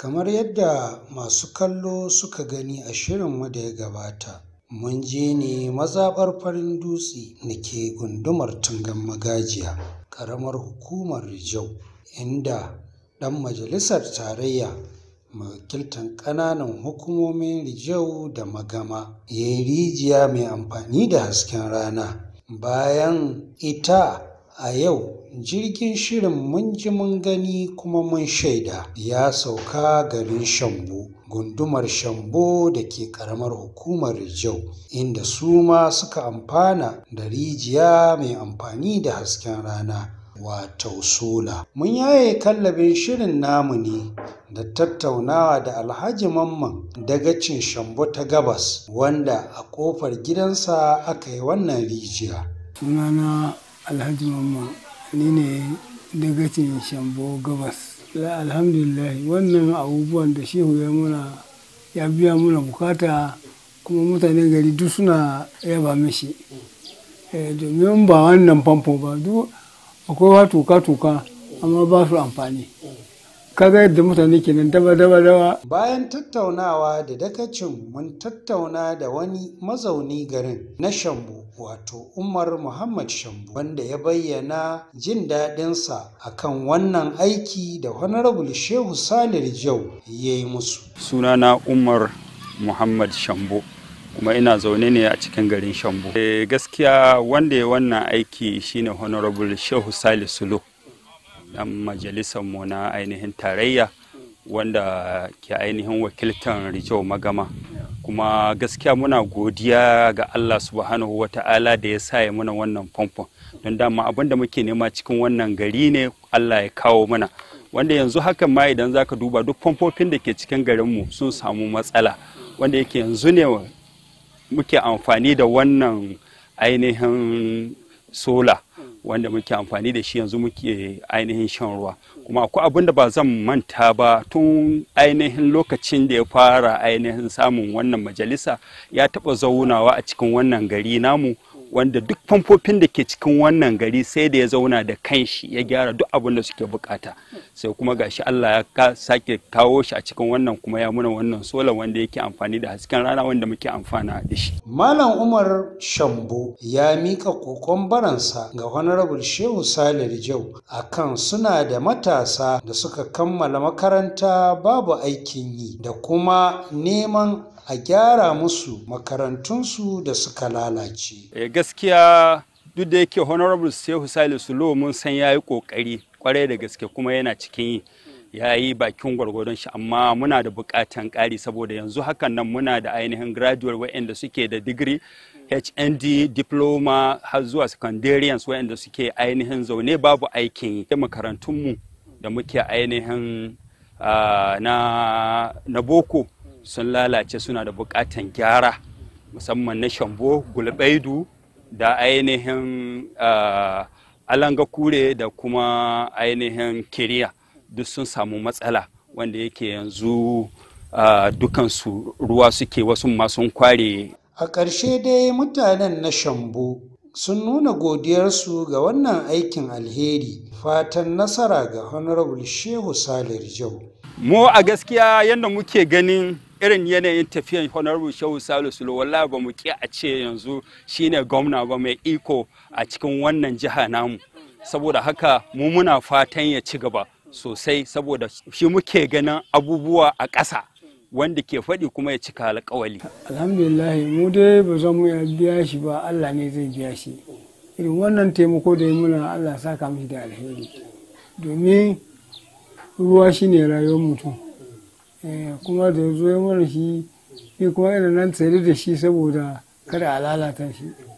Kamar yadda masu kallo suka gani a shirinmu da ya gabata, mun je ne mazaɓar Farin Dutse da ke gundumar Tungan Magajiya, ƙaramar hukumar Rijau, inda ɗan majalisar tarayya mai ƙananan hukumomin Rijau da Magama ya yi rijiya mai amfani da hasken rana. Bayan ita A yau jirgin shirin mun ji mun gani kuma mun shaida ya sauka garin Shambo, gundumar Shambo da ke ƙaramar hukumar Rijau, inda su ma suka amfana da rijiya mai amfani da hasken rana. Wato sola. Mun yaye kallabin shirin namu ne da tattaunawa da Alhaji Mamman dagacin Shambo ta Gabas wanda a ƙofar gidansa aka yi wannan rijiya. Sunana alhaji mamman ni ne cin shambo gabas alhamdulillah wannan abubuwan da shehu ya muna ya biya muna bukata kuma mutane gari duk suna yaba mishi eh, domin ba wannan famfo ba duk akwai wa tuka-tuka amma ba su amfani kaga yadda mutane kenan daba daba daba bayan tattaunawa da dakacin mun tattauna da wani mazauni garin na shambu wato umar muhammad shambu wanda ya bayyana jin daɗinsa akan wannan aiki da honorable shehu salir jau ya yi musu sunana umar muhammad shambu kuma ina zaune ne a cikin garin shambu eh, gaskiya wanda ya wannan aiki shine honorable shehu salisu sulu dan majalisar mu na ainihin tarayya wanda ke ainihin wakiltan rijau magama kuma gaskiya muna godiya ga allah subhanahu wa ta'ala da ya sa ya muna wannan famfon don dama abin da muke nema cikin wannan gari ne allah ya kawo mana wanda yanzu hakan ma idan zaka duba duk famfofin da ke cikin garinmu sun samu matsala wanda yake yanzu ne muke amfani da wannan ainihin sola wanda muke amfani da shi yanzu muke ainihin shan ruwa kuma akwai abin da ba zan manta ba tun ainihin lokacin da ya fara ainihin samun wannan majalisa ya taɓa zaunawa a cikin wannan gari namu wanda duk famfofin da ke cikin wannan gari sai da ya zauna da kanshi ya gyara duk abin da suke bukata sai kuma gashi Allah ya sake kawo shi a cikin wannan kuma ya muna wannan sola wanda yake amfani da hasken rana wanda muke amfana da shi Malam Umar Shambo ya mika kokon baransa ga Honorable Shehu Sale Rijau akan suna da matasa da suka kammala makaranta babu aikin yi da kuma neman a gyara musu makarantunsu da suka lalace. Eh, gaskiya duk da yake honorable sai Salisu sulo mun san ya yi ƙoƙari kwarai da gaske kuma yana cikin yi ya yi bakin gwargwadon shi amma muna da bukatan ƙari saboda yanzu hakan nan muna da ainihin graduate waɗanda suke da digiri HND diploma har zuwa secondarians waɗanda suke ainihin zaune babu aikin yi makarantunmu da muke ainihin ah, na boko sun lalace suna da buƙatan gyara musamman na shambo gulbaidu da ainihin ah, alangakure, da kuma ainihin kiriya duk sun samu matsala wanda yake yanzu ah, dukansu ruwa suke wasu masu kware a ƙarshe dai mutanen na shambo sun nuna godiyarsu ga wannan aikin alheri fatan nasara ga honorable shehu salir jau mu a gaskiya yadda muke ganin irin yanayin tafiyan honorable shehu salisu wallahi ba mu ki a ce yanzu shine gwamna ba mai iko a cikin wannan jiha namu saboda haka mu muna fatan ya ci gaba sosai saboda shi muke ganin abubuwa a ƙasa wanda ke faɗi kuma ya cika alƙawali. alhamdulillah mu dai ba za mu biya shi ba allah ne zai biya shi irin wannan taimako da ya muna allah saka mishi da alheri domin ruwa shine rayuwar mutum Eh, kuma da zo ya mara shi shi kuma yana nan tsere da shi saboda kada a lalata shi